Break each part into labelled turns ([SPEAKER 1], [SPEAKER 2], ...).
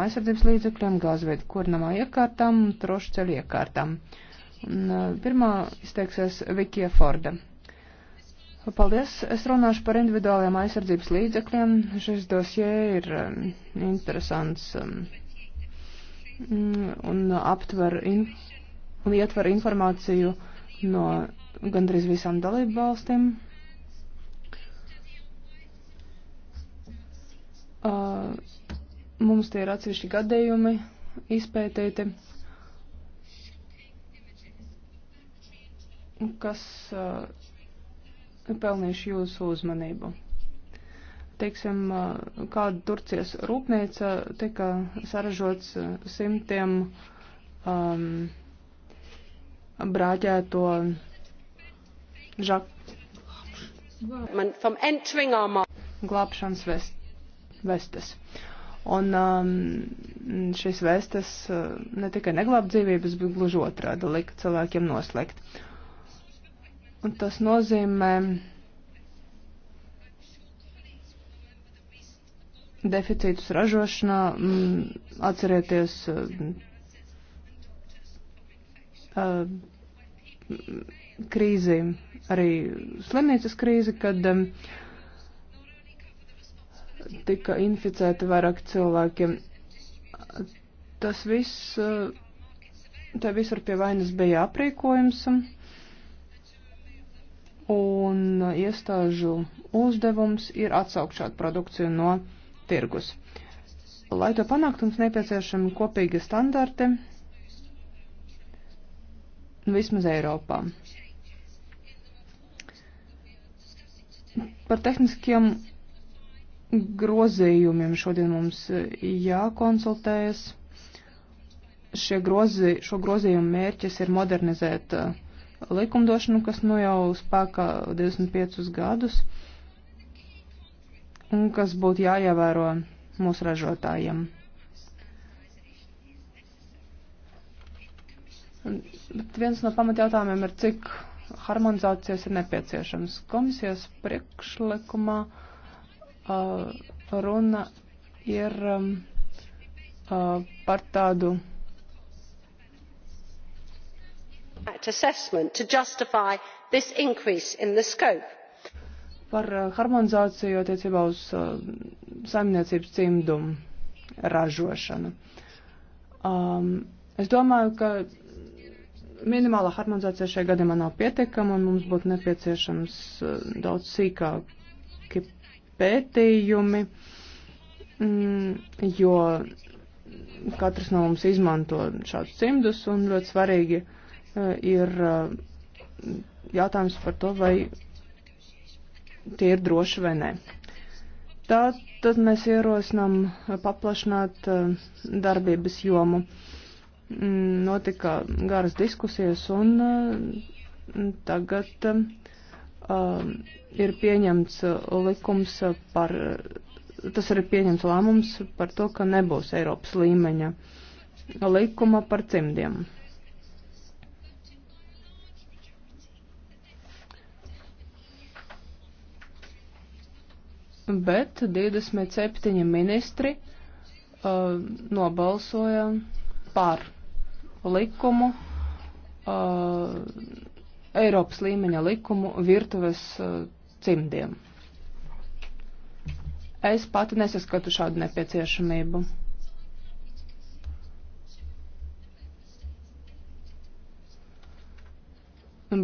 [SPEAKER 1] aizsardzības līdzekļiem, gāzveidu kurinamā iekārtām un trošceļu iekārtām. Un, pirmā izteiksies Vikija Forda. Paldies, es runāšu par individuālajiem aizsardzības līdzekļiem. Šis dosie ir interesants un aptver in, un ietver informāciju no gandrīz visām dalību valstīm. Uh, Mums tie ir atsevišķi gadījumi izpētīti, kas uh, pelnījuši jūsu uzmanību. Teiksim, uh, kāda Turcijas rūpnīca tika saražots uh, simtiem um, brāģēto žak... glābšanas vestes. Un um, šīs vēstas uh, ne tikai neglāb dzīvības, bet gluži otrādi lika cilvēkiem noslēgt. Un tas nozīmē deficītus ražošanā, mm, atcerieties uh, uh, krīzi, arī slimnīcas krīzi, kad um, uh, tika inficēti vairāk cilvēki. Tas viss, tā visur pie vainas bija aprīkojums un iestāžu uzdevums ir atsaukt šādu produkciju no tirgus. Lai to panāktu, mums nepieciešami kopīgi standarti vismaz Eiropā. Par tehniskiem grozījumiem šodien mums jākonsultējas. Šie grozi, šo grozījumu mērķis ir modernizēt uh, likumdošanu, kas nu jau spēkā 25 gadus un kas būtu jāievēro mūsu ražotājiem. Bet viens no pamatjautājumiem ir, cik harmonizācijas ir nepieciešams. Komisijas priekšlikumā uh, runa ir um, par tādu.
[SPEAKER 2] assessment to justify this increase in the scope
[SPEAKER 1] par harmonizāciju attiecībā uz uh, saimniecības cimdumu ražošanu. Um, es domāju, ka minimāla harmonizācija šajā gadījumā nav pietiekama un mums būtu nepieciešams uh, daudz sīkāki pētījumi, mm, jo katrs no mums izmanto šādus cimdus un ļoti svarīgi e, ir e, jautājums par to, vai tie ir droši vai nē. Tā tad mēs ierosinām paplašināt e, darbības jomu. Mm, Notika garas diskusijas un tagad um, ir pieņemts likums par, tas arī pieņemts lēmums par to, ka nebūs Eiropas līmeņa likuma par cimdiem. Bet 27 ministri uh, nobalsoja par likumu. Uh, Eiropas līmeņa likumu virtuves uh, cimdiem. Es pati nesaskatu šādu nepieciešamību.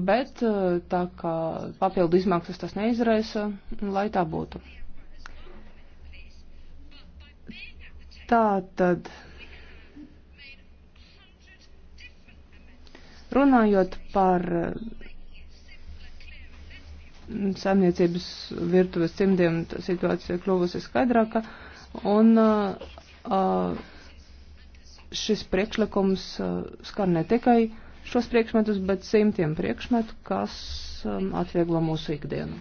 [SPEAKER 1] Bet uh, tā kā papildu izmaksas tas neizraisa, lai tā būtu. Tā tad Runājot par mm, saimniecības virtuves cimdiem, situācija kļuvusi skaidrāka, un uh, šis priekšlikums uh, skar ne tikai šos priekšmetus, bet simtiem priekšmetu, kas um, atvieglo mūsu ikdienu.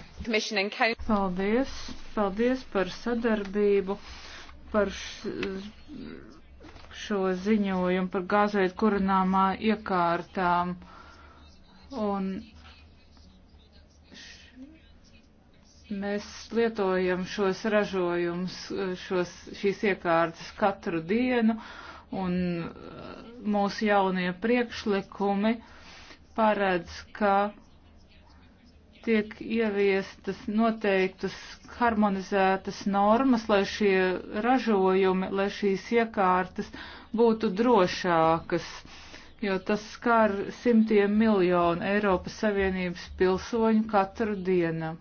[SPEAKER 3] Paldies, paldies par sadarbību, par š, šo ziņojumu par gāzveidu kurināmā iekārtām. Un mēs lietojam šos ražojumus, šos, šīs iekārtas katru dienu, un uh, mūsu jaunie priekšlikumi paredz, ka tiek ieviestas noteiktas harmonizētas normas, lai šie ražojumi, lai šīs iekārtas būtu drošākas, jo tas skar simtiem miljonu Eiropas Savienības pilsoņu katru dienu.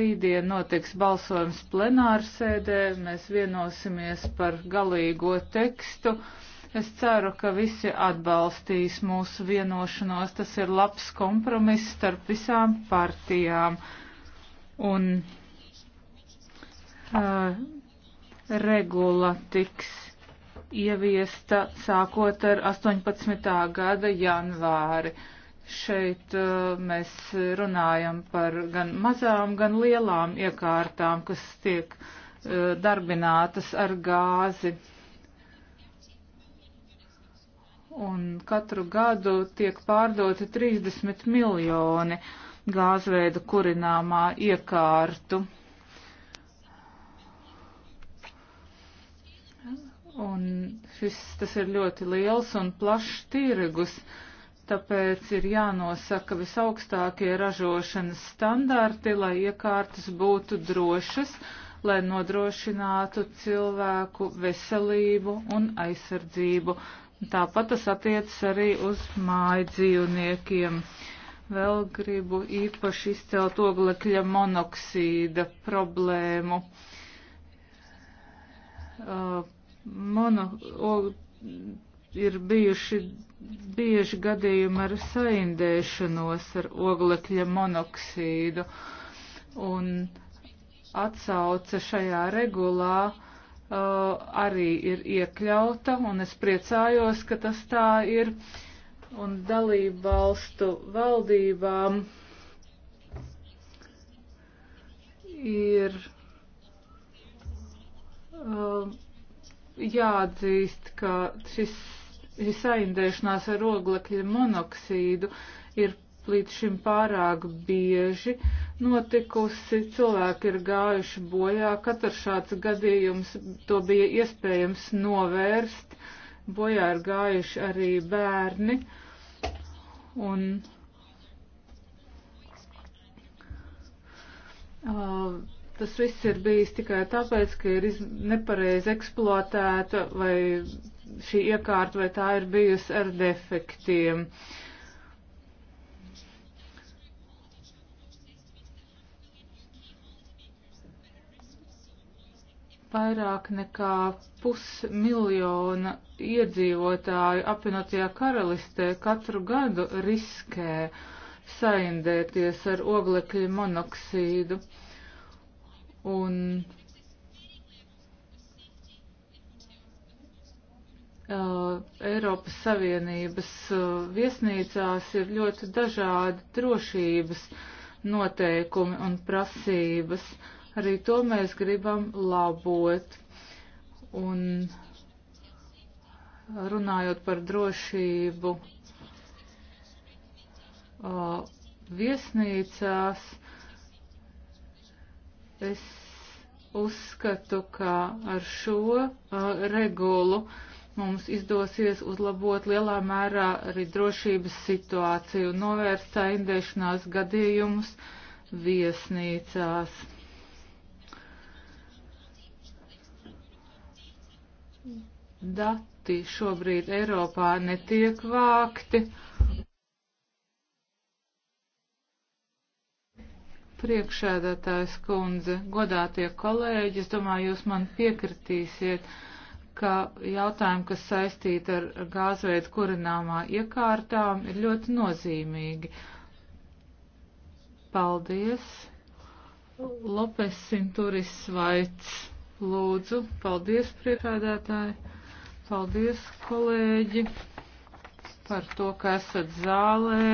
[SPEAKER 3] Rītdien notiks balsojums plenārsēdē, mēs vienosimies par galīgo tekstu. Es ceru, ka visi atbalstīs mūsu vienošanos. Tas ir labs kompromiss starp visām partijām. Un uh, regula tiks ieviesta sākot ar 18. gada janvāri. Šeit uh, mēs runājam par gan mazām, gan lielām iekārtām, kas tiek uh, darbinātas ar gāzi un katru gadu tiek pārdoti 30 miljoni gāzveida kurināmā iekārtu. Un šis, tas ir ļoti liels un plašs tirgus, tāpēc ir jānosaka visaugstākie ražošanas standarti, lai iekārtas būtu drošas, lai nodrošinātu cilvēku veselību un aizsardzību Tāpat tas attiecas arī uz māju dzīvniekiem. Vēl gribu īpaši izcelt oglekļa monoksīda problēmu. Uh, mono, o, ir bijuši bieži gadījumi ar saindēšanos ar oglekļa monoksīdu, un atsauce šajā regulā Uh, arī ir iekļauta, un es priecājos, ka tas tā ir, un dalību valstu valdībām ir uh, jāatzīst, ka šis, šis saindēšanās ar oglekļa monoksīdu ir līdz šim pārāk bieži, notikusi, cilvēki ir gājuši bojā, katrs šāds gadījums to bija iespējams novērst, bojā ir gājuši arī bērni. Un, uh, tas viss ir bijis tikai tāpēc, ka ir nepareizi eksploatēta vai šī iekārta vai tā ir bijusi ar defektiem. Uh, vairāk nekā pusmiljona iedzīvotāju apvienotajā karalistē katru gadu riskē saindēties ar oglekļa monoksīdu. Un Uh, Eiropas Savienības uh, viesnīcās ir ļoti dažādi drošības noteikumi un prasības. Uh, Arī to mēs gribam labot. Un runājot par drošību viesnīcās, es uzskatu, ka ar šo regulu mums izdosies uzlabot lielā mērā arī drošības situāciju, novērst saindēšanās gadījumus viesnīcās. dati šobrīd Eiropā netiek vākti. Priekšēdētājs kundze, godātie kolēģi, es domāju, jūs man piekritīsiet, ka jautājumi, kas saistīti ar gāzveidu kurināmā iekārtām, ir ļoti nozīmīgi. Paldies! Lopes Sinturis Vaits, lūdzu, paldies priekšēdētāji! Paldies, kolēģi, par to, ka esat zālē.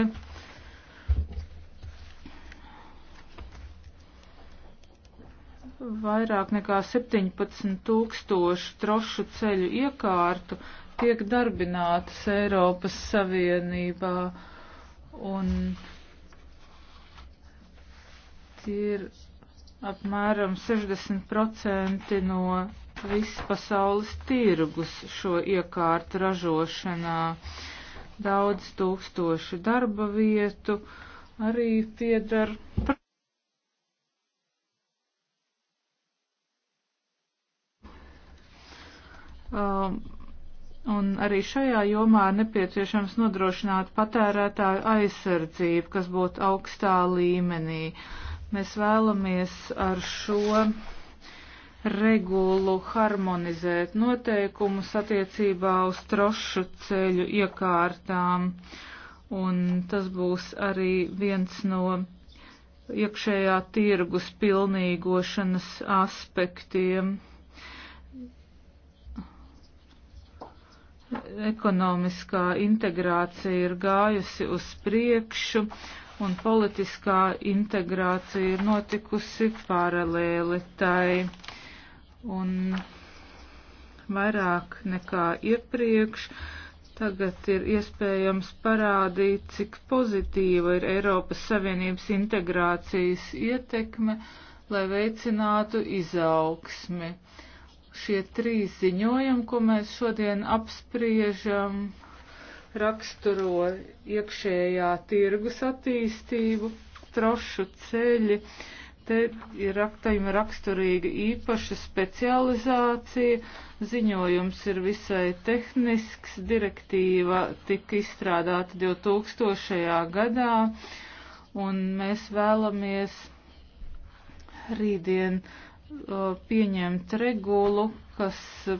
[SPEAKER 3] Vairāk nekā 17 tūkstoši trošu ceļu iekārtu tiek darbinātas Eiropas Savienībā, un tie ir apmēram 60% no viss pasaules tirgus šo iekārtu ražošanā. Daudz tūkstoši darba vietu arī piedar. Um, Un arī šajā jomā ir nepieciešams nodrošināt patērētāju aizsardzību, kas būtu augstā līmenī. Mēs vēlamies ar šo regulu harmonizēt noteikumus attiecībā uz trošu ceļu iekārtām, un tas būs arī viens no iekšējā tirgus pilnīgošanas aspektiem. Ekonomiskā integrācija ir gājusi uz priekšu, un politiskā integrācija ir notikusi paralēli tai un vairāk nekā iepriekš. Tagad ir iespējams parādīt, cik pozitīva ir Eiropas Savienības integrācijas ietekme, lai veicinātu izaugsmi. Šie trīs ziņojumi, ko mēs šodien apspriežam, raksturo iekšējā tirgus attīstību, trošu ceļi, uh, Te ir raktajuma raksturīga īpaša specializācija, ziņojums ir visai tehnisks, direktīva tika izstrādāta 2000. gadā, un mēs vēlamies rītdien pieņemt regulu, kas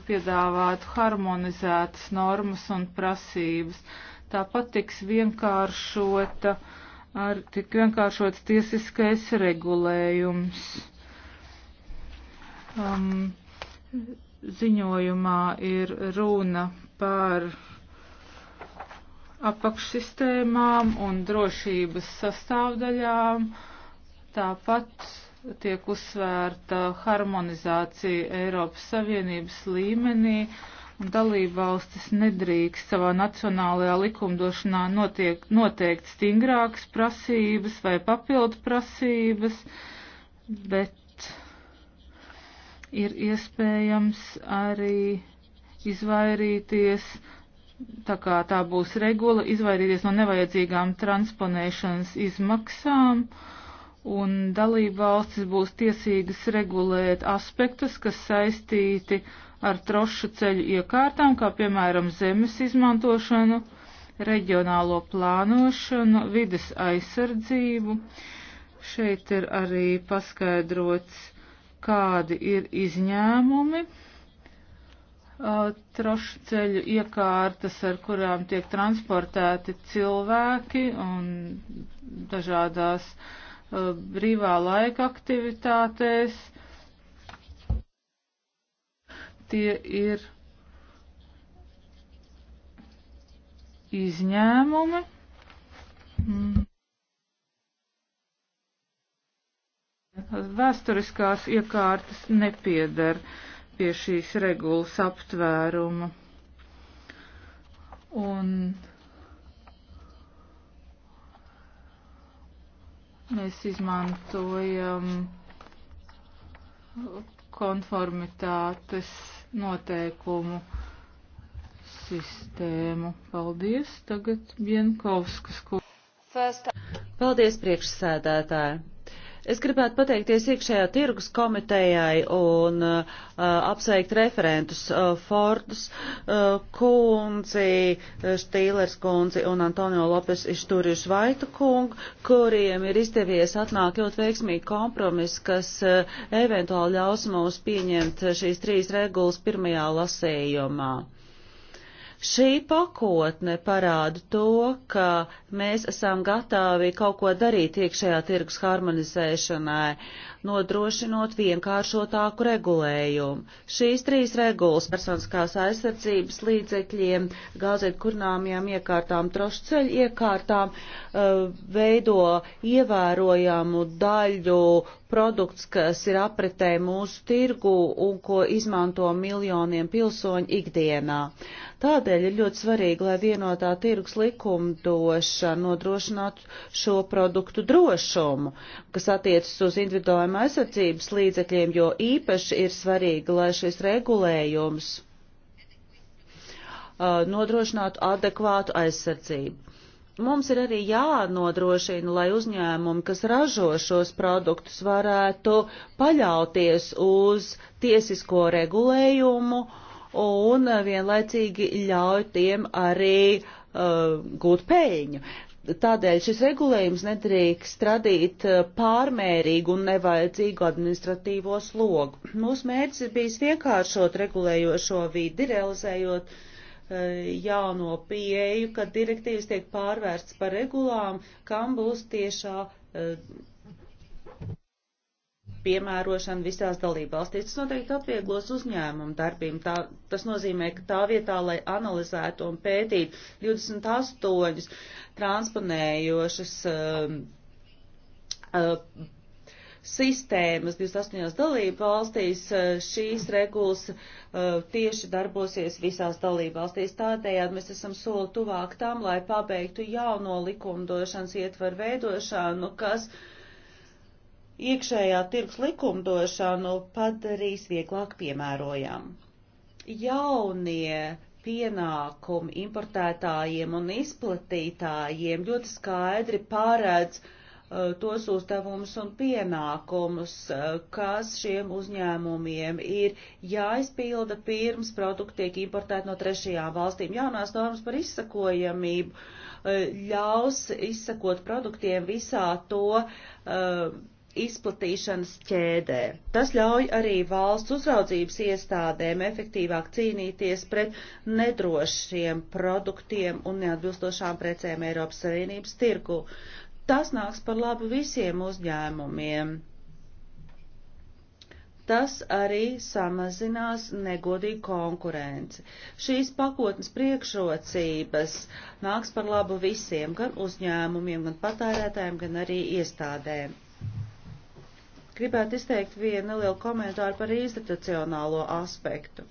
[SPEAKER 3] piedāvātu harmonizētas normas un prasības. Tāpat tiks vienkāršota uh, ar tik vienkāršots tiesiskais regulējums. Um, ziņojumā ir runa par apakšsistēmām un drošības sastāvdaļām. Tāpat tiek uzsvērta harmonizācija Eiropas Savienības līmenī un dalībvalstis nedrīkst savā nacionālajā likumdošanā notiek, noteikt stingrākas prasības vai papildu prasības, bet ir iespējams arī izvairīties, tā kā tā būs regula, izvairīties no nevajadzīgām transponēšanas izmaksām un dalībvalstis būs tiesīgas regulēt aspektus, kas saistīti ar trošu ceļu iekārtām, kā piemēram zemes izmantošanu, reģionālo plānošanu, vides aizsardzību. Šeit ir arī paskaidrots, kādi ir izņēmumi trošu ceļu iekārtas, ar kurām tiek transportēti cilvēki un dažādās brīvā laika aktivitātēs tie ir izņēmumi. Vēsturiskās iekārtas nepiedar pie šīs regulas aptvēruma. Un mēs izmantojam konformitātes noteikumu sistēmu. Paldies, tagad Bienkovskas.
[SPEAKER 2] Paldies, priekšsēdētāji. Es gribētu pateikties iekšējā tirgus komitejai un uh, apsveikt referentus uh, Fordus uh, kundzi, uh, Štīlers kundzi un Antonio Lopes izturīšu Vaitu kungu, kuriem ir izdevies atnāk ļoti veiksmīgi kompromis, kas uh, eventuāli ļaus mums pieņemt šīs trīs regulas pirmajā lasējumā. Šī pakotne parāda to, ka mēs esam gatavi kaut ko darīt iekšējā tirgus harmonizēšanai, nodrošinot vienkāršotāku regulējumu. Šīs trīs regulas - personiskās aizsardzības līdzekļiem, gāzēt kurnāmajām iekārtām, trošu ceļu iekārtām eh, - veido ievērojamu daļu produkts, kas ir apretē mūsu tirgu un ko izmanto miljoniem pilsoņu ikdienā. Tādēļ ir ļoti svarīgi, lai vienotā tirgus likumdošana nodrošinātu šo produktu drošumu, kas attiecas uz individuālajiem aizsardzības līdzekļiem, jo īpaši ir svarīgi, lai šis regulējums uh, nodrošinātu adekvātu aizsardzību. Mums ir arī jānodrošina, lai uzņēmumi, kas ražo šos produktus, varētu paļauties uz tiesisko regulējumu uh, un vienlaicīgi ļauj tiem arī uh, gūt peļņu. Tādēļ šis regulējums nedrīkst radīt uh, pārmērīgu un nevajadzīgu administratīvo slogu. Mūsu mērķis ir bijis vienkāršot regulējošo vidi, realizējot uh, jauno pieeju, kad direktīvas tiek pārvērsts par regulām, kam būs tiešā uh, piemērošanu visās dalībvalstīs. Tas noteikti atvieglos uzņēmumu darbību. Tā, tas nozīmē, ka tā vietā, lai analizētu un pētītu 28 transponējošas uh, uh, sistēmas 28 dalību valstīs, uh, šīs regulas uh, tieši darbosies visās dalību valstīs. Tādējādi mēs esam soli tuvāk tam, lai pabeigtu jauno likumdošanas ietvaru veidošanu, kas uh, iekšējā tirgus likumdošanu padarīs vieglāk piemērojam. Jaunie pienākumi importētājiem un izplatītājiem ļoti skaidri pārēdz uh, tos uzdevumus un pienākumus, uh, kas šiem uzņēmumiem ir jāizpilda pirms produkti tiek importēti no trešajām valstīm. Jaunās normas par izsakojamību uh, ļaus izsakot produktiem visā to uh, izplatīšanas ķēdē. Tas ļauj arī valsts uzraudzības iestādēm efektīvāk cīnīties pret nedrošiem produktiem un neatbilstošām precēm Eiropas Savienības tirgu. Tas nāks par labu visiem uzņēmumiem. Tas arī samazinās negodīgu konkurenci. Šīs pakotnes priekšrocības nāks par labu visiem, gan uzņēmumiem, gan patērētājiem, gan arī iestādēm. Gribētu izteikt vienu nelielu komentāru par institucionālo aspektu.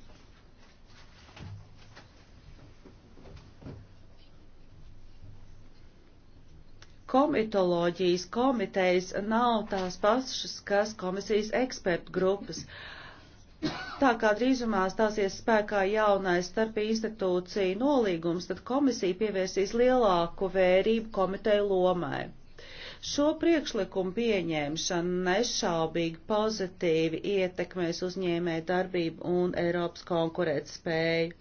[SPEAKER 2] Komitoloģijas komitejas nav tās pašas, kas komisijas ekspertu grupas. Tā kā drīzumā stāsies spēkā jaunais starp institūciju nolīgums, tad komisija pievērsīs lielāku vērību komiteju lomai. Šo priekšlikumu pieņemšana nešaubīgi pozitīvi ietekmēs uzņēmē darbību un Eiropas konkurētspēju.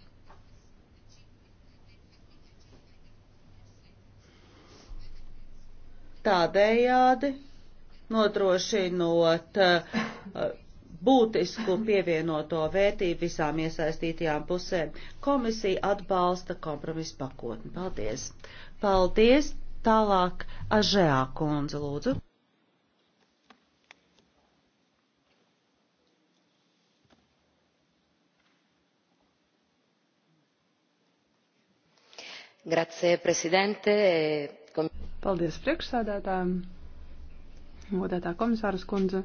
[SPEAKER 2] Tādējādi nodrošinot uh, būtisku pievienoto vērtību visām iesaistītajām pusēm. Komisija atbalsta kompromisu pakotni. Paldies! Paldies! Tālāk Ažēā kundze, lūdzu.
[SPEAKER 1] Grazie, prezidente. Kom... Paldies priekšsēdētājiem, godētā komisāras kundze.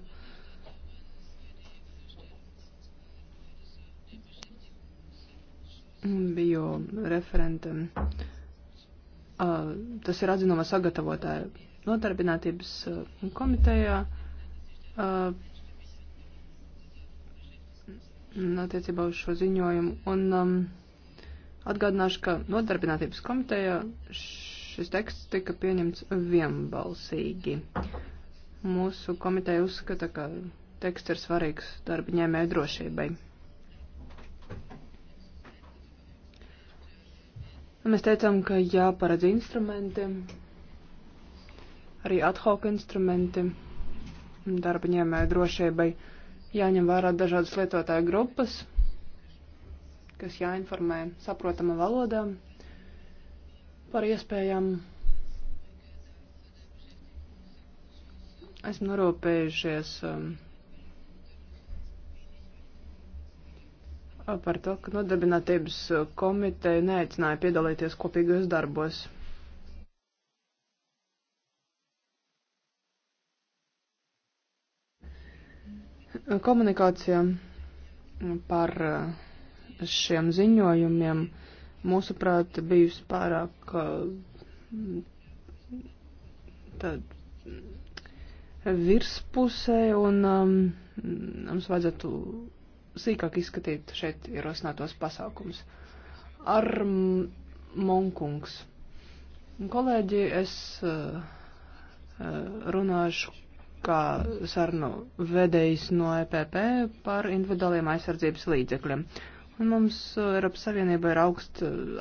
[SPEAKER 1] Biju referenta tas ir atzinuma sagatavotāja nodarbinātības komitejā. Attiecībā uz šo ziņojumu. Un um, atgādināšu, ka nodarbinātības komiteja šis teksts tika pieņemts vienbalsīgi. Mūsu komiteja uzskata, ka teksts ir svarīgs darba ņēmē drošībai. Mēs teicām, ka jāparedz instrumenti, arī ad hoc instrumenti darba ņēmēju drošībai, jāņem vērā dažādas lietotāju grupas, kas jāinformē saprotama valodā par iespējām. Esmu norūpējušies. Um, par to, ka nodarbinātības komiteja neaicināja piedalīties kopīgajos darbos. Komunikācija par eh, šiem ziņojumiem, mūsuprāt, bijusi pārāk eh, tad, eh, virspusē, un um, mums vajadzētu sīkāk izskatīt šeit ierosinātos pasākums. Ar Monkungs. Kolēģi, es uh, runāšu kā sarunu vedējs no EPP par individuāliem aizsardzības līdzekļiem. Un mums eh, Eiropas Savienība ir augst,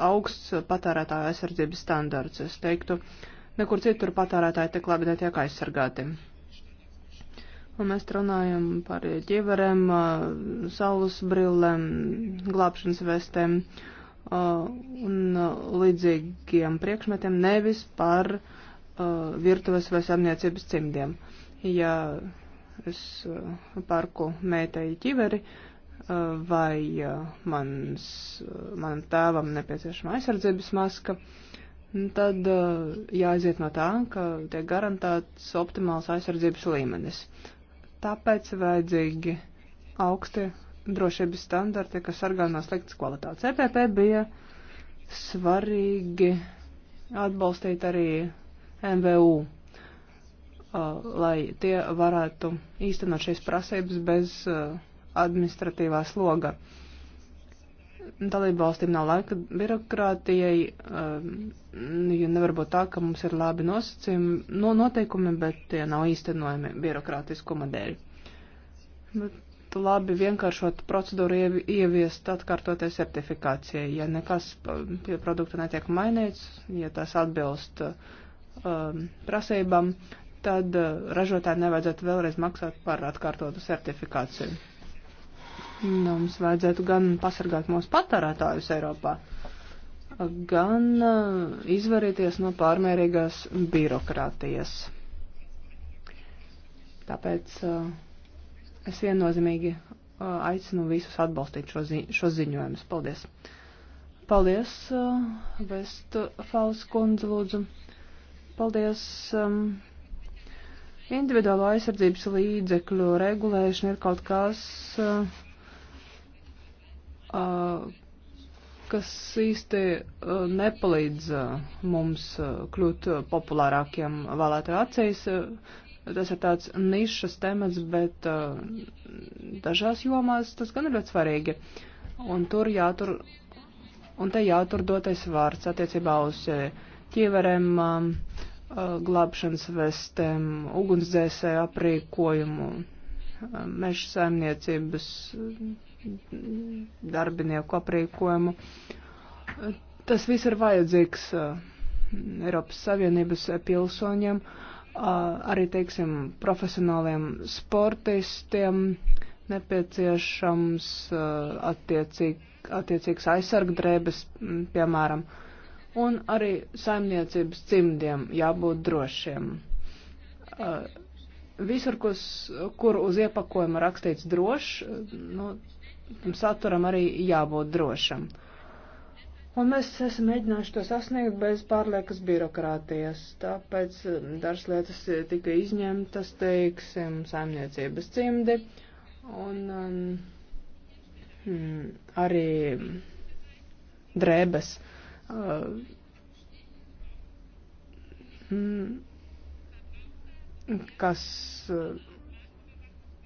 [SPEAKER 1] augsts patērētāju aizsardzības standarts. Es teiktu, nekur citur patērētāji tik labi netiek aizsargāti. Un mēs runājam par ķiverēm, saules brillēm, glābšanas vestēm un līdzīgiem priekšmetiem, nevis par virtuves vai samniecības cimdiem. Ja es parku meitai ķiveri vai mans, manam tēvam nepieciešama aizsardzības maska, tad jāaiziet no tā, ka tiek garantēts optimāls aizsardzības līmenis. Tāpēc vajadzīgi augsti drošības standarti, kas sargā no sliktas kvalitātes. EPP bija svarīgi atbalstīt arī MVU, uh, lai tie varētu īstenot šīs prasības bez uh, administratīvā sloga dalību valstīm nav laika birokrātijai, um, jo nevar būt tā, ka mums ir labi nosacījumi, no noteikumi, bet tie nav īstenojami birokrātiskuma dēļ. Bet labi vienkāršot procedūru ieviest atkārtoties certifikācijai, ja nekas pie produkta netiek mainīts, ja tas atbilst um, prasībām, tad uh, ražotāji nevajadzētu vēlreiz maksāt par atkārtotu certifikāciju. Nu, mums vajadzētu gan pasargāt mūsu patērētājus Eiropā, gan uh, izvarīties no pārmērīgās birokrātijas. Tāpēc uh, es viennozīmīgi uh, aicinu visus atbalstīt šo, zi šo ziņojumus. Paldies! Paldies, uh, Vestfāls kundze, lūdzu. Paldies. Um, Individuālo aizsardzības līdzekļu regulēšana ir kaut kas. Uh, kas īsti nepalīdz mums kļūt populārākiem vēlētāju acīs. Tas ir tāds nišas temats, bet dažās jomās tas gan ir ļoti svarīgi. Un tur jātur, un te jātur dotais vārds attiecībā uz ķieverēm, glābšanas vestēm, ugunsdzēsē aprīkojumu, meža saimniecības darbinieku aprīkojumu. Tas viss ir vajadzīgs uh, Eiropas Savienības pilsoņiem, uh, arī, teiksim, profesionāliem sportistiem nepieciešams uh, attiecīgi, attiecīgs aizsargdrēbes, piemēram, un arī saimniecības cimdiem jābūt drošiem. Visur, kur uz iepakojuma rakstīts drošs, nu, tam saturam arī jābūt drošam. Un mēs esam mēģinājuši to sasniegt bez pārliekas birokrātijas. Tāpēc eh, dažas lietas tika izņemtas, teiksim, saimniecības cimdi un um, hmm, arī drēbes. Um, kas uh,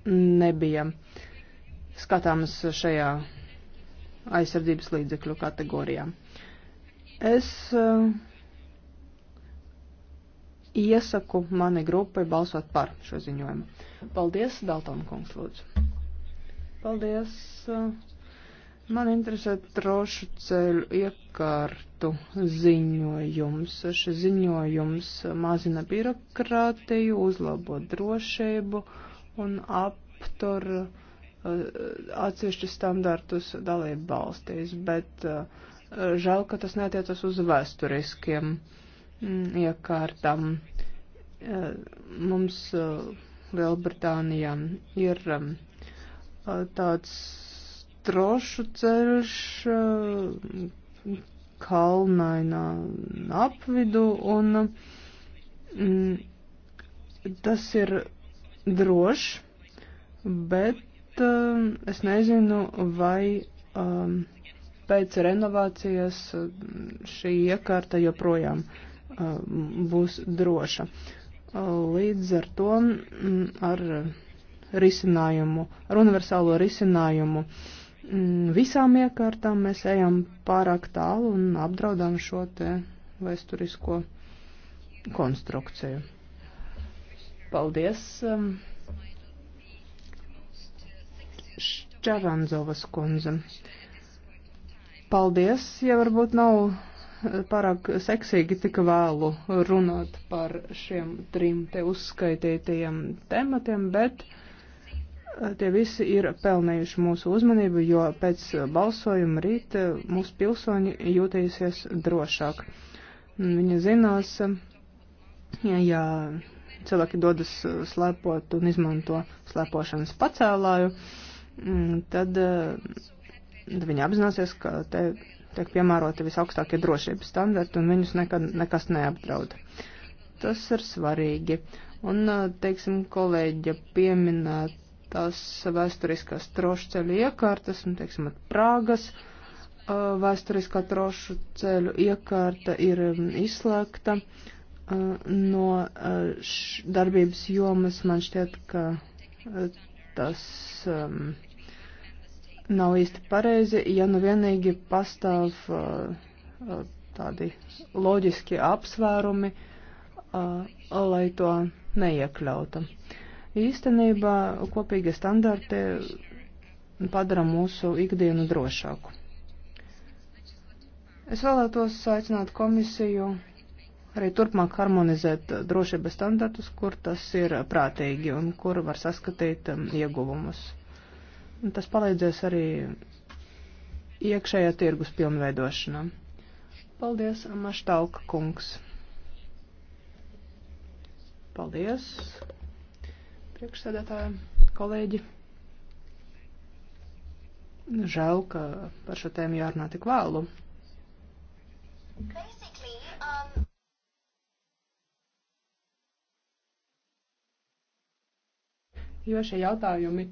[SPEAKER 1] nebija. Uh, skatāmas šajā aizsardzības līdzekļu kategorijā. Es uh, iesaku mani grupai balsot par šo ziņojumu. Paldies, Daltona kungs, lūdzu. Paldies. Eh, man interesē trošu ceļu iekārtu ziņojums. Šis ziņojums mazina birokrātiju, uzlabo drošību un aptur uh, Uh, atsevišķus standartus dalību valstīs, bet uh, žēl, ka tas netiecas uz vēsturiskiem mm, iekārtām. Uh, mums Lielbritānijā ir um, tāds trošu ceļš, kalnainā apvidu, un mm, tas ir drošs, bet Um, es nezinu, vai um, pēc renovācijas um, šī iekārta joprojām um, būs droša. Uh, līdz ar to mm, ar risinājumu, ar universālo risinājumu mm, visām iekārtām mēs ejam pārāk tālu un apdraudām šo te vēsturisko konstrukciju. Paldies! Um, Ščeranzovas kundze. Paldies, ja varbūt nav eh, pārāk seksīgi tik vēlu runāt par šiem trim te uzskaitītajiem tematiem, bet eh, tie visi ir pelnējuši mūsu uzmanību, jo pēc balsojuma rīt eh, mūsu pilsoņi jūtīsies drošāk. Viņi zinās, ja cilvēki dodas slēpot un izmanto slēpošanas pacēlāju, uh, Mm, tad eh, viņi apzināsies, ka te tiek piemēroti visaugstākie drošības standarti un viņus nekad nekas neapdraud. Tas ir svarīgi. Un, eh, teiksim, kolēģa pieminētās vēsturiskās trošu ceļu iekārtas, un, teiksim, at Prāgas eh, vēsturiskā trošu ceļu iekārta ir mm, izslēgta no darbības jomas. Man šķiet, ka tas. Um, nav īsti pareizi, ja nu vienīgi pastāv uh, uh, tādi loģiski apsvērumi, uh, lai to neiekļautu. Īstenībā kopīgie standarti padara mūsu ikdienu drošāku. Es vēlētos aicināt komisiju arī turpmāk harmonizēt drošības standartus, kur tas ir prātīgi un kur var saskatīt um, ieguvumus. Tas palīdzēs arī iekšējā tirgus pilnveidošanā. Paldies, Maštauka kungs. Paldies, priekšsēdētāji, kolēģi. Žēl, ka par šo tēmu jārunā tik vēlu.
[SPEAKER 2] Um...
[SPEAKER 1] Jo šie jautājumi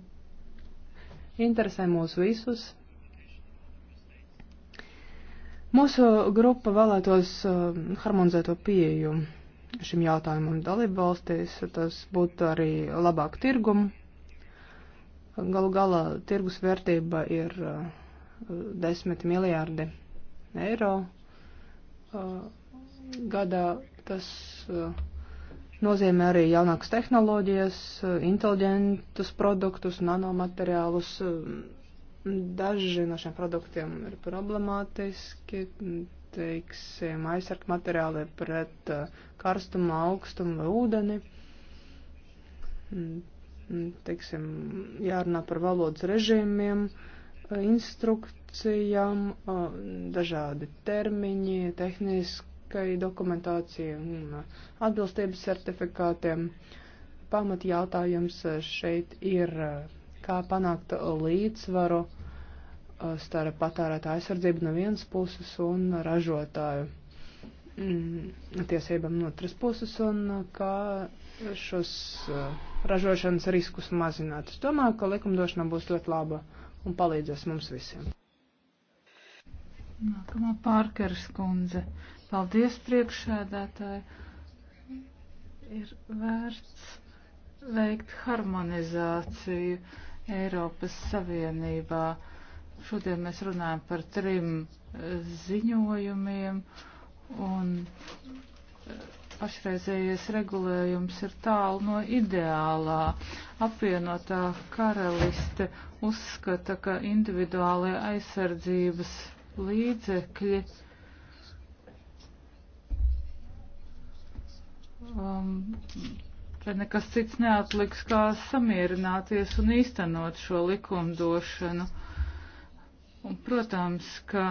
[SPEAKER 1] interesē mūs visus. Mūsu grupa vēlētos um, harmonizēto pieju šim jautājumam dalību valstīs, tas būtu arī labāk tirgumu. Galu galā tirgus vērtība ir uh, desmit miljārdi eiro uh, gadā. Tas uh, nozīmē arī jaunākas tehnoloģijas, inteliģentus produktus, nanomateriālus. Daži no šiem produktiem ir problemātiski, teiksim, aizsarg materiāli pret uh, karstumu, augstumu vai ūdeni. Mm, teiksim, jārunā par valodas režīmiem, instrukcijām, uh, dažādi termiņi, tehniski tikai dokumentācija un uh, atbilstības certifikātiem. Pamat jautājums uh, šeit ir, uh, kā panākt līdzsvaru starp patērētāju aizsardzību no vienas puses un ražotāju mm, tiesībām no otras puses un kā šos ražošanas riskus mazināt. Es domāju, ka likumdošana būs ļoti laba un palīdzēs mums visiem.
[SPEAKER 3] Nākamā pārkars kundze. Paldies priekšēdētāji.
[SPEAKER 1] Ir vērts
[SPEAKER 3] veikt harmonizāciju Eiropas Savienībā. Šodien mēs runājam par trim eh, ziņojumiem un eh, pašreizējais regulējums ir tālu no ideālā. Apvienotā karaliste uzskata, ka individuālajā aizsardzības līdzekļi um, tad nekas cits neatliks, kā samierināties un īstenot šo likumdošanu. Un, protams, ka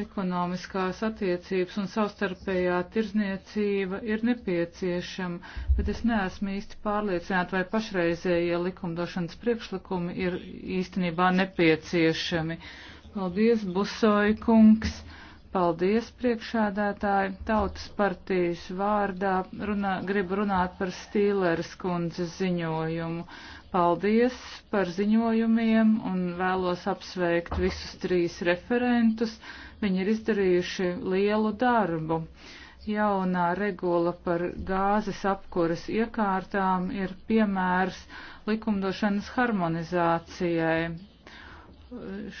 [SPEAKER 3] ekonomiskās attiecības un savstarpējā tirzniecība ir nepieciešama, bet es neesmu īsti pārliecināta, vai pašreizējie likumdošanas priekšlikumi ir īstenībā nepieciešami. Paldies, Busoja kungs! Paldies, priekšādātāji. Tautas partijas vārdā runā, gribu runāt par Stīleres kundzes ziņojumu. Paldies par ziņojumiem un vēlos apsveikt visus trīs referentus. Viņi ir izdarījuši lielu darbu. Jaunā regula par gāzes apkuras iekārtām ir piemērs likumdošanas harmonizācijai.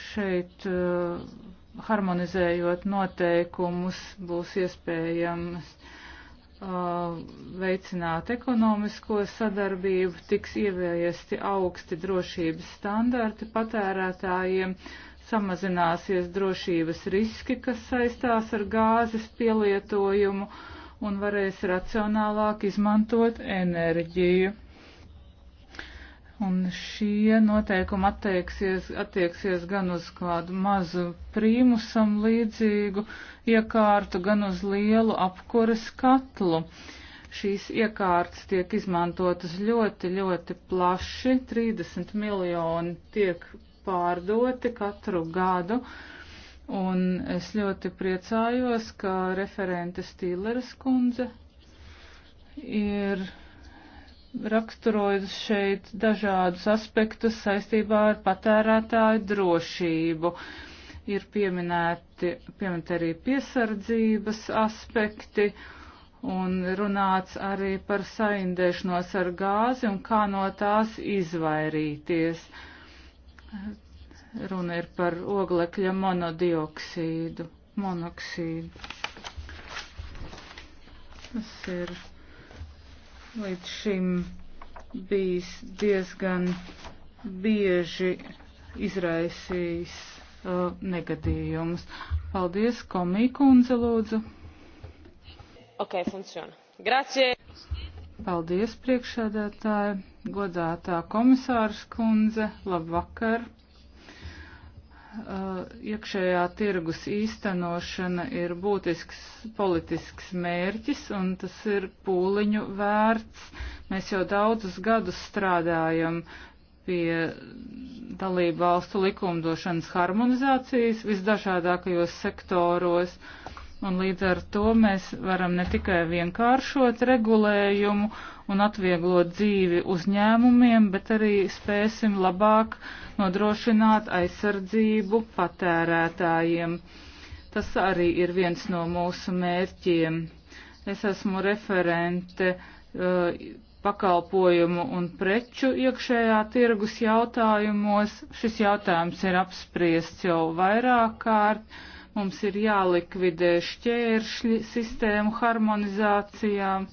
[SPEAKER 3] Šeit uh, harmonizējot noteikumus, būs iespējams uh, veicināt ekonomisko sadarbību, tiks ieviesti augsti drošības standarti patērētājiem, samazināsies drošības riski, kas saistās ar gāzes pielietojumu un varēs racionālāk izmantot enerģiju. Un šie noteikumi attieksies, attieksies gan uz kādu mazu prīmusam līdzīgu iekārtu, gan uz lielu apkuras katlu. Šīs iekārtas tiek izmantotas ļoti, ļoti plaši. 30 miljoni tiek pārdoti katru gadu. Un es ļoti priecājos, ka referente Stīleres kundze ir raksturoju šeit dažādus aspektus saistībā ar patērētāju drošību. Ir pieminēti, pieminēti arī piesardzības aspekti un runāts arī par saindēšanos ar gāzi un kā no tās izvairīties. Runa ir par oglekļa monodioksīdu, monoksīdu. Tas ir līdz šim bijis diezgan bieži izraisījis uh, negadījumus. Paldies, komīkundze, lūdzu.
[SPEAKER 1] Ok, funkciona.
[SPEAKER 3] Grazie. Paldies, priekšsēdētāji, godātā komisārs kundze, labvakar. Uh, iekšējā tirgus īstenošana ir būtisks politisks mērķis un tas ir pūliņu vērts. Mēs jau daudzus gadus strādājam pie dalību valstu likumdošanas harmonizācijas visdažādākajos sektoros. Un līdz ar to mēs varam ne tikai vienkāršot regulējumu, un atvieglot dzīvi uzņēmumiem, bet arī spēsim labāk nodrošināt aizsardzību patērētājiem. Tas arī ir viens no mūsu mērķiem. Es esmu referente uh, pakalpojumu un preču iekšējā tirgus jautājumos. Šis jautājums ir apspriests jau vairāk kārt. Mums ir jālikvidē šķēršļi sistēmu harmonizācijām.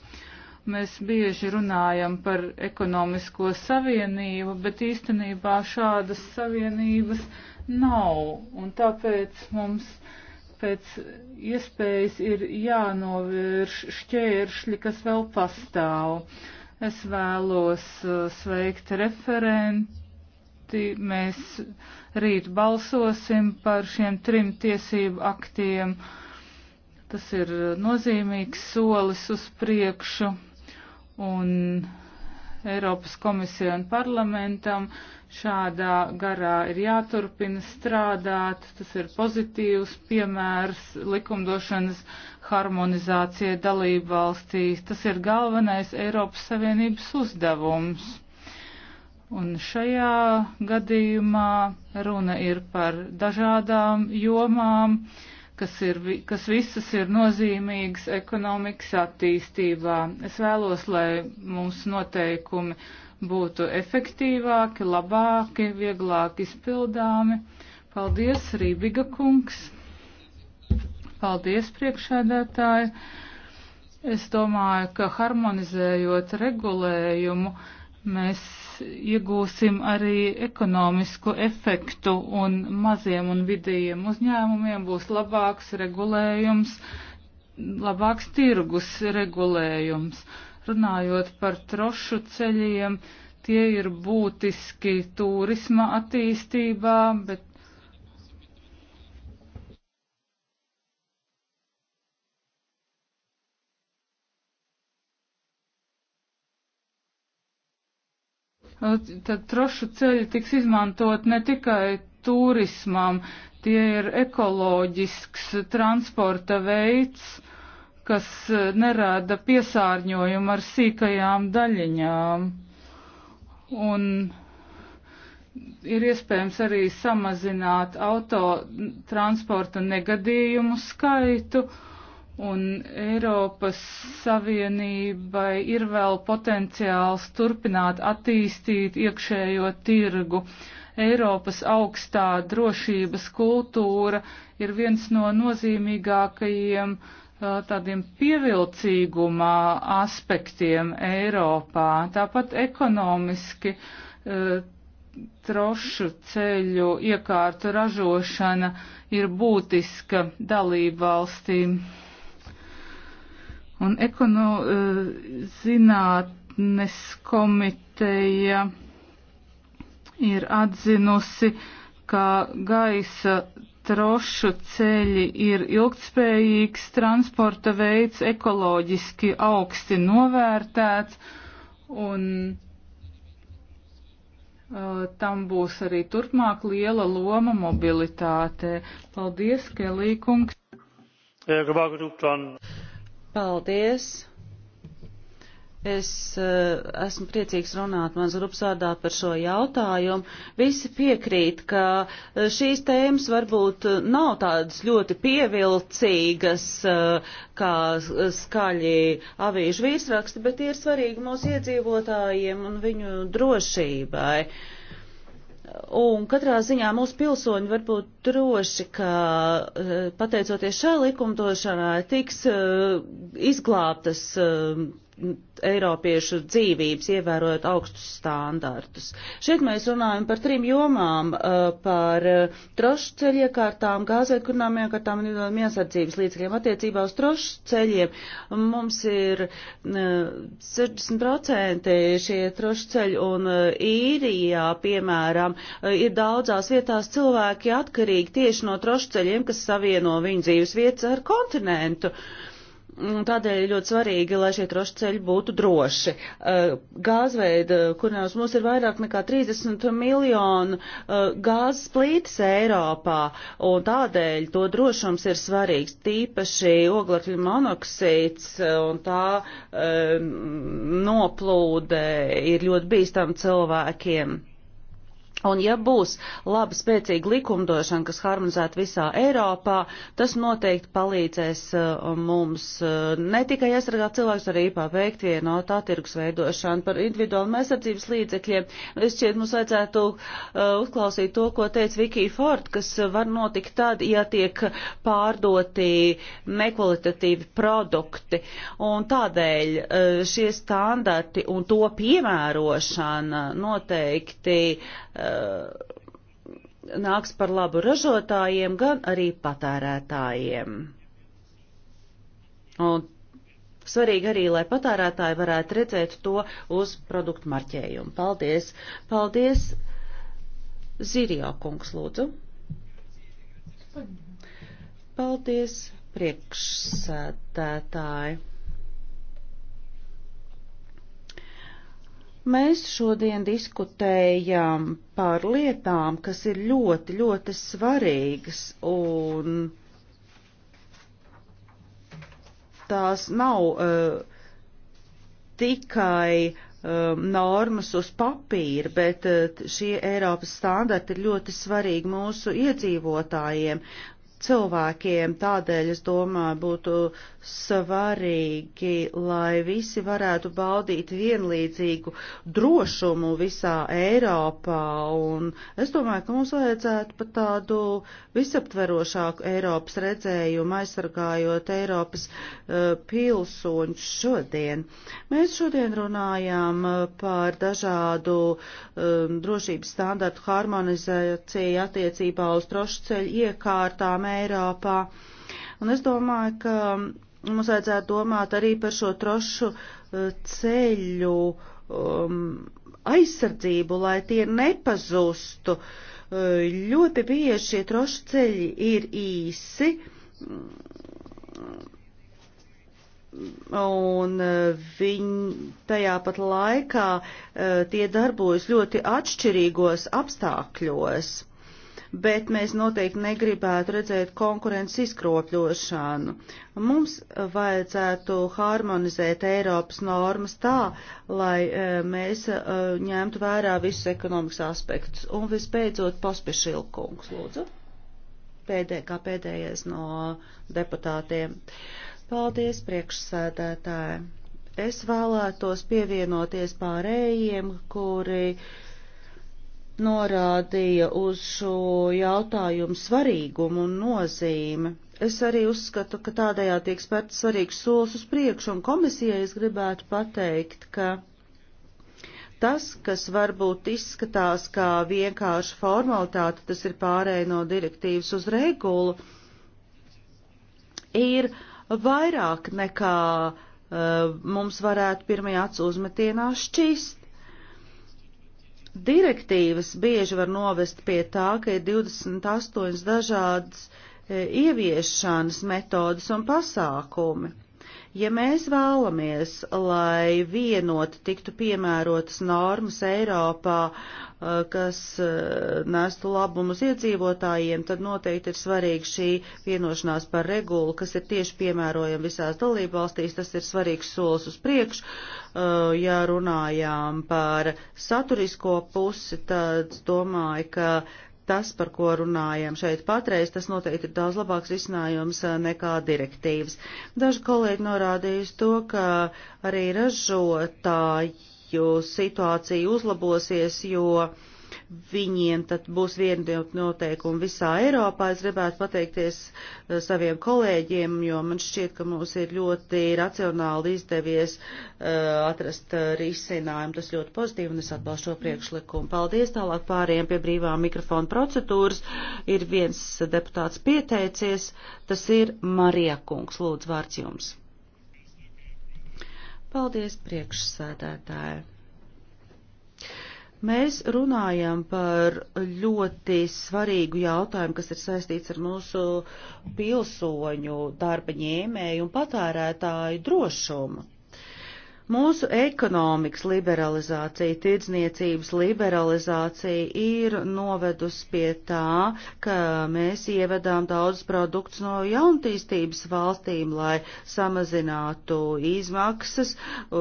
[SPEAKER 3] Mēs bieži runājam par ekonomisko savienību, bet īstenībā šādas savienības nav. Un tāpēc mums pēc iespējas ir jānovērš šķēršļi, kas vēl pastāv. Es vēlos uh, sveikt referentu ļoti mēs rīt balsosim par šiem trim tiesību aktiem. Tas ir uh, nozīmīgs solis uz priekšu un Eiropas komisija un parlamentam šādā garā ir jāturpina strādāt. Tas ir pozitīvs piemērs likumdošanas harmonizācijai dalību valstīs. Tas ir galvenais Eiropas Savienības uzdevums. Un šajā gadījumā runa ir par dažādām jomām. Uh, kas, ir, kas visas ir nozīmīgas ekonomikas attīstībā. Es vēlos, lai mūsu noteikumi būtu efektīvāki, labāki, vieglāk izpildāmi. Paldies, Rībiga kungs! Paldies, priekšēdētāji! Es domāju, ka harmonizējot regulējumu, mēs iegūsim arī ekonomisku efektu un maziem un vidējiem uzņēmumiem būs labāks regulējums, labāks tirgus regulējums. Runājot par trošu ceļiem, tie ir būtiski turisma attīstībā, bet Nu, tad trošu ceļi tiks izmantot ne tikai turismam, tie ir ekoloģisks transporta veids, kas e, nerāda piesārņojumu ar sīkajām daļiņām. Un ir iespējams arī samazināt autotransporta negadījumu skaitu un Eiropas Savienībai ir vēl potenciāls turpināt attīstīt iekšējo tirgu. Eiropas augstā drošības kultūra ir viens no nozīmīgākajiem tādiem pievilcīgumā aspektiem Eiropā. Tāpat ekonomiski trošu ceļu iekārtu ražošana ir būtiska dalību valstīm. Un ekono, eh, zinātnes komiteja ir atzinusi, ka gaisa trošu ceļi ir ilgtspējīgs transporta veids, ekoloģiski augsti novērtēts un uh, tam būs arī turpmāk liela loma mobilitātē. Paldies, Kelīkungs!
[SPEAKER 2] Paldies! Es uh, esmu priecīgs runāt mans grupas vārdā par šo jautājumu. Visi piekrīt, ka eh, šīs tēmas varbūt nav tādas ļoti pievilcīgas, uh, kā skaļi avīžu virsraksti, bet ir svarīgi mūsu iedzīvotājiem un viņu drošībai. Uh, Un katrā ziņā mūsu pilsoņi var būt droši, ka eh, pateicoties šai likumdošanai tiks eh, izglābtas eh, Eiropiešu dzīvības, ievērojot augstus standartus. Šeit mēs runājam par trim jomām uh, - par uh, trošu ceļu iekārtām, gāzē, kurnām iekārtām un iesardzības līdzekļiem. Attiecībā uz trošu ceļiem mums ir 60% uh, šie trošu ceļi, un īrijā, piemēram, ir daudzās vietās cilvēki atkarīgi tieši no trošu ceļiem, kas savieno viņu dzīves vietas ar kontinentu. Uh, Tādēļ ir ļoti svarīgi, lai šie trošceļi būtu droši. Eh, gāzveida, kurās mums ir vairāk nekā 30 miljonu eh, gāzes plītis Eiropā, un tādēļ to drošums ir svarīgs. Tīpaši oglekļa monoksīds eh, un tā noplūde ir ļoti bīstam cilvēkiem. Un ja būs laba spēcīga likumdošana, kas harmonizēta visā Eiropā, tas noteikti palīdzēs uh, mums uh, ne tikai aizsargāt cilvēkus, arī paveikt vienotā tirgus veidošanu par individuālu aizsardzības līdzekļiem. Es šķiet, mums vajadzētu uh, uzklausīt to, ko teica Viki Ford, kas var notikt tad, ja tiek pārdoti nekvalitatīvi produkti. Un tādēļ uh, šie standarti un to piemērošana noteikti uh, Uh, nāks par labu ražotājiem, gan arī patērētājiem. Un Svarīgi arī, lai patērētāji varētu redzēt to uz produktu marķējumu. Paldies! Paldies! Zirijā kungs, lūdzu! Paldies, priekšsētētāji! Mēs šodien diskutējam par lietām, kas ir ļoti, ļoti svarīgas, un tās nav uh, tikai um, normas uz papīra, bet uh, šie Eiropas standarti ir ļoti svarīgi mūsu iedzīvotājiem, cilvēkiem. Tādēļ, es domāju, būtu uh, svarīgi, lai visi varētu baudīt vienlīdzīgu drošumu visā Eiropā. Un es domāju, ka mums vajadzētu pat tādu visaptverošāku Eiropas redzējumu aizsargājot Eiropas uh, pilsoņus šodien. Mēs šodien runājām eh, par dažādu um, drošības standartu harmonizāciju attiecībā uz trošceļu iekārtām Eiropā. Un es domāju, ka Mums vajadzētu domāt arī par šo trošu eh, ceļu um, aizsardzību, lai tie nepazustu. Eh, ļoti bieži šie trošu ceļi ir īsi un eh, viņi tajā pat laikā tie darbojas ļoti atšķirīgos apstākļos bet mēs noteikti negribētu redzēt konkurences izkropļošanu. Mums vajadzētu harmonizēt Eiropas normas tā, lai e, mēs e, ņemtu vērā visus ekonomikas aspektus. Un visbeidzot, pospešilkungs, lūdzu. Pēdē, kā pēdējais no deputātiem. Paldies, priekšsēdētāji! Es vēlētos pievienoties pārējiem, kuri norādīja uz šo jautājumu svarīgumu un nozīmi. Es arī uzskatu, ka tādējā tiek spērt svarīgs solis uz priekšu, un komisijai es gribētu pateikt, ka tas, kas varbūt izskatās kā vienkārši formalitāte, tas ir pārēj no direktīvas uz regulu, ir vairāk nekā uh, mums varētu pirmajā acu uzmetienā šķist direktīvas bieži var novest pie tā, ka ir 28 dažādas e, ieviešanas metodas un pasākumi. Ja mēs vēlamies, lai vienot tiktu piemērotas normas Eiropā, eh, kas eh, nestu labumus iedzīvotājiem, tad noteikti ir svarīga šī vienošanās par regulu, kas ir tieši piemērojama visās dalībvalstīs. Tas ir svarīgs solis uz priekšu. Eh, ja runājām par saturisko pusi, tad domāju, ka tas, par ko runājam šeit patreiz, tas noteikti ir daudz labāks risinājums eh, nekā direktīvas. Daži kolēģi norādījis to, ka arī ražotāju situācija uzlabosies, jo viņiem tad būs viena noteikuma visā Eiropā. Es gribētu pateikties eh, saviem kolēģiem, jo man šķiet, ka mums ir ļoti racionāli izdevies eh, atrast eh, risinājumu. Tas ļoti pozitīvi un es atbalstu šo priekšlikumu. Paldies tālāk pāriem pie brīvā mikrofona procedūras. Ir viens deputāts pieteicies, tas ir Marija Kungs. Lūdzu, vārds jums. Paldies priekšsēdētāji. Mēs runājam par ļoti svarīgu jautājumu, kas ir saistīts ar mūsu pilsoņu, darba ņēmēju un patērētāju drošumu. Mūsu ekonomikas liberalizācija, tirdzniecības liberalizācija ir novedusi pie tā, ka mēs ievedām daudz produktus no jauntīstības valstīm, lai samazinātu izmaksas.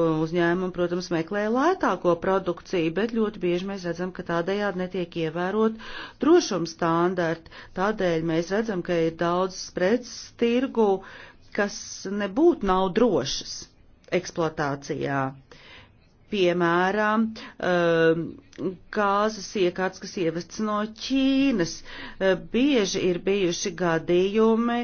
[SPEAKER 2] Uzņēmumi, protams, meklē lētāko produkciju, bet ļoti bieži mēs redzam, ka tādējādi netiek ievērot drošums standarti. Tādēļ mēs redzam, ka ir daudz preces tirgu, kas nebūtu nav drošas eksploatācijā. Piemēram, gāzes um, iekārts, kas ievests no Ķīnas, uh, bieži ir bijuši gadījumi,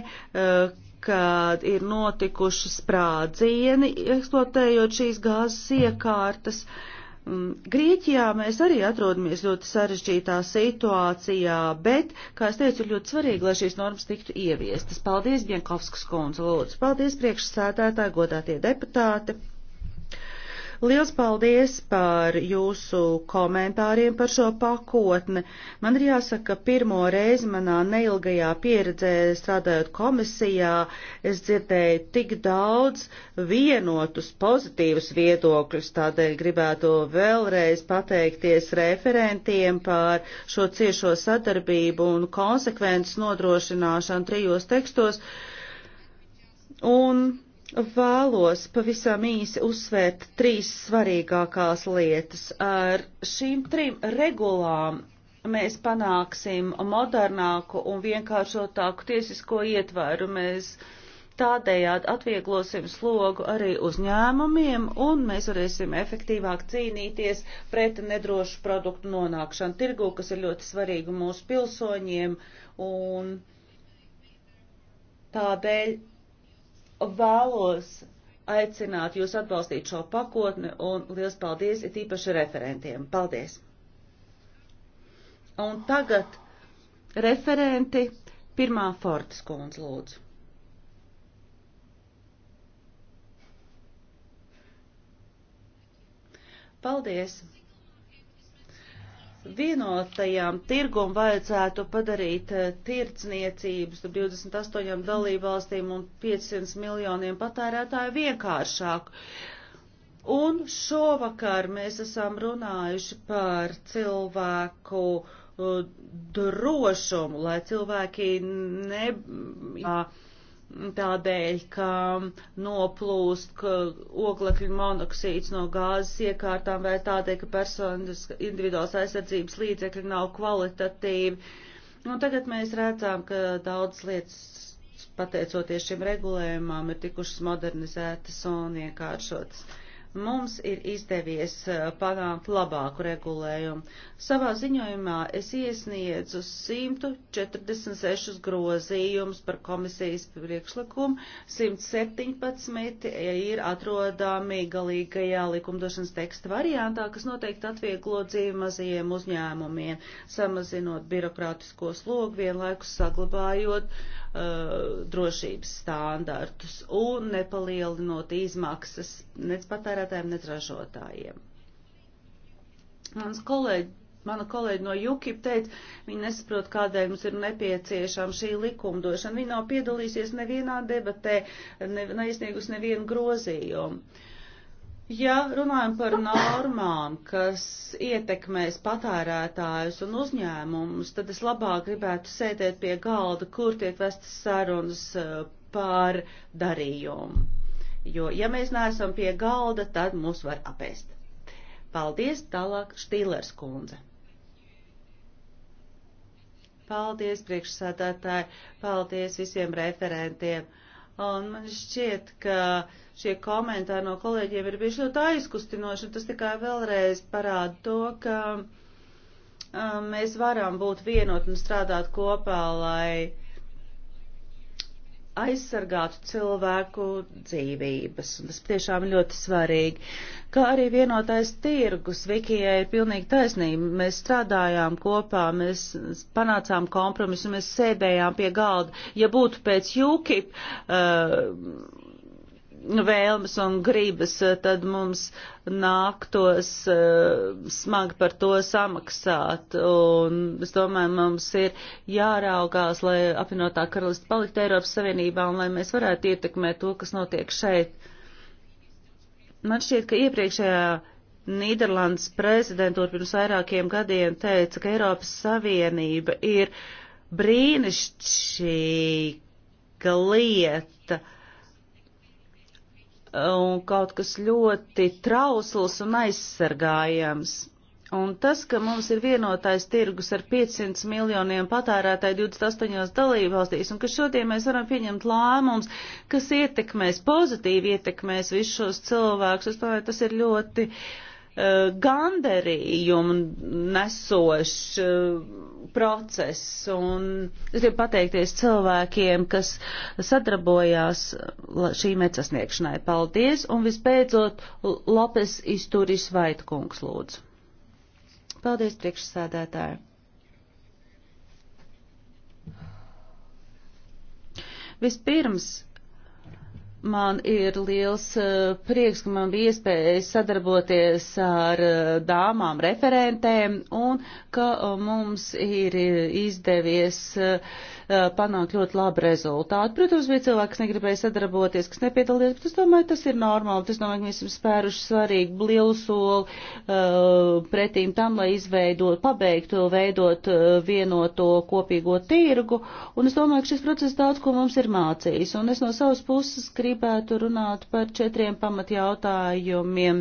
[SPEAKER 2] uh, kad ir notikuši sprādzieni, eksploatējot šīs gāzes iekārtas. Mm Mm, Grieķijā mēs arī atrodamies ļoti sarežģītā situācijā, bet, kā es teicu, ir ļoti svarīgi, lai šīs normas tiktu ieviestas. Paldies, Bienkovskas kundze, lūdzu. Paldies, priekšsēdētāji, godātie deputāti. Liels paldies par jūsu komentāriem par šo pakotni. Man ir jāsaka, ka pirmo reizi manā neilgajā pieredzē strādājot komisijā, es dzirdēju tik daudz vienotus pozitīvus viedokļus, tādēļ gribētu vēlreiz pateikties referentiem par šo ciešo sadarbību un konsekvences nodrošināšanu trijos tekstos. Un Vēlos pavisam īsi uzsvērt trīs svarīgākās lietas. Ar šīm trim regulām mēs panāksim modernāku un vienkāršotāku tiesisko ietvaru. Mēs tādējādi atvieglosim slogu arī uzņēmumiem un mēs varēsim efektīvāk cīnīties pret nedrošu produktu nonākšanu tirgu, kas ir ļoti svarīgi mūsu pilsoņiem un tādēļ vēlos aicināt jūs atbalstīt šo pakotni un liels paldies ir tīpaši referentiem. Paldies! Un tagad referenti pirmā Fortas kundze lūdzu. Paldies! Vienotajām tirgum vajadzētu padarīt eh, tirdzniecības 28 dalībvalstīm un 500 miljoniem patērētāju vienkāršāku. Un šovakar mēs esam runājuši par cilvēku eh, drošumu, lai cilvēki ne. Jā, tādēļ, ka noplūst oglekļa monoksīds no gāzes iekārtām vai tādēļ, ka personas individuāls aizsardzības līdzekļi nav kvalitatīvi. Un tagad mēs redzam, ka daudz lietas, pateicoties šim regulējumam, ir tikušas modernizētas un iekāršotas. Uh, mums ir izdevies uh, panākt labāku regulējumu. Savā ziņojumā es iesniedzu 146 grozījumus par komisijas priekšlikumu, 117 ir atrodami galīgajā likumdošanas teksta variantā, kas noteikti atvieglo dzīvi mazajiem uzņēmumiem, samazinot birokrātisko slogu, vienlaikus saglabājot uh, uh, drošības standartus un nepalielinot izmaksas nec patērētājiem, nec ražotājiem. Mans kolēģi Mana kolēģi no UKIP teica, viņi nesaprot, kādēļ mums ir nepieciešama šī likumdošana. Viņi nav piedalīsies nevienā debatē, ne, neizniegus nevienu grozījumu. Ja runājam par normām, kas ietekmēs patērētājus un uzņēmumus, tad es labāk gribētu sēdēt pie galda, kur tiek vestas sarunas eh, par darījumu. Jo, ja mēs neesam pie galda, tad mūs var apēst. Paldies, tālāk Štīlers kundze. Paldies, priekšsādātāji, paldies visiem referentiem Un man šķiet, ka šie komentāri no kolēģiem ir bijuši ļoti aizkustinoši, un tas tikai vēlreiz parāda to, ka um, mēs varam būt vienot un strādāt kopā, lai aizsargātu cilvēku dzīvības, un tas tiešām ļoti svarīgi. Kā arī vienotais tirgus, Vikijai ir pilnīgi taisnība, mēs strādājām kopā, mēs panācām kompromisu, mēs sēdējām pie galda. Ja būtu pēc UKIP, uh, vēlmes un gribas, eh, tad mums nāktos eh, smagi par to samaksāt. Un es domāju, mums ir jāraugās, lai apvienotā karalista paliktu Eiropas Savienībā un lai mēs varētu ietekmēt to, kas notiek šeit. Man šķiet, ka iepriekšējā Nīderlandes prezidentūra pirms vairākiem gadiem teica, ka Eiropas Savienība ir brīnišķīga lieta un kaut kas ļoti trausls un aizsargājams. Un tas, ka mums ir vienotais tirgus ar 500 miljoniem patērētāju 28 dalībvalstīs, un ka šodien mēs varam pieņemt lēmums, kas ietekmēs, pozitīvi ietekmēs visus šos cilvēkus, es domāju, tas ir ļoti uh, E, gandarījumu nesošs e, process. Un es gribu pateikties cilvēkiem, kas sadarbojās šī mērķa sasniegšanai. Paldies! Un vispēcot Lopes izturis Vaitkungs lūdzu. Paldies, priekšsēdētāji! Vispirms Man ir liels eh, prieks, ka man bija iespēja sadarboties ar eh, dāmām referentēm un ka eh, mums ir izdevies panākt ļoti labu rezultātu. Protams, bija cilvēki, kas negribēja sadarboties, kas nepiedalījās, bet es domāju, tas ir normāli. Es domāju, ka mēs esam spēruši svarīgu lielu soli pretīm tam, lai izveidot, pabeigtu, veidot vienoto kopīgo tirgu. Un es domāju, ka šis process daudz ko mums ir mācījis. Un es no savas puses krītu gribētu runāt par četriem pamatjautājumiem,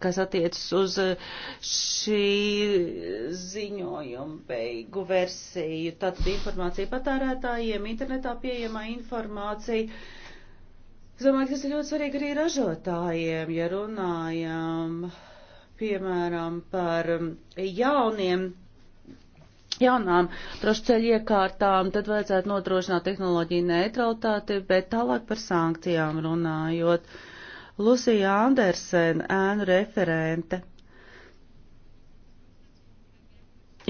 [SPEAKER 2] kas attiecas uz eh, šī ziņojuma beigu versiju. Tātad informācija patērētājiem, internetā pieejamā informācija. Es domāju, ka tas ir ļoti svarīgi arī ražotājiem, ja runājam piemēram par mm, jauniem jaunām trošceļu iekārtām, tad vajadzētu nodrošināt tehnoloģiju neutralitāti, bet tālāk par sankcijām runājot. Lucija Andersen, ēnu referente,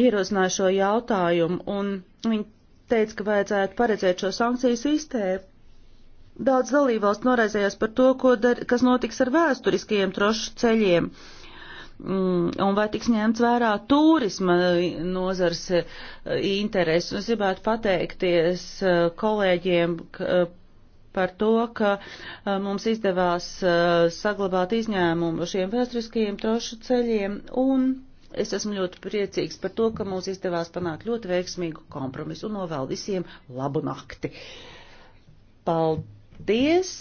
[SPEAKER 2] ierozināja šo jautājumu, un viņa teica, ka vajadzētu paredzēt šo sankciju sistēmu. Daudz dalībvalsts noraizējās par to, dar, kas notiks ar vēsturiskajiem trošu ceļiem. Uh, Mm, un vai tiks ņemts vērā turisma nozars eh, interesi. Es gribētu pateikties eh, kolēģiem eh, par to, ka mums izdevās saglabāt izņēmumu šiem vēsturiskajiem trošu ceļiem un Es esmu ļoti priecīgs par to, ka mums izdevās panākt ļoti veiksmīgu kompromisu un novēl visiem labu nakti. Paldies!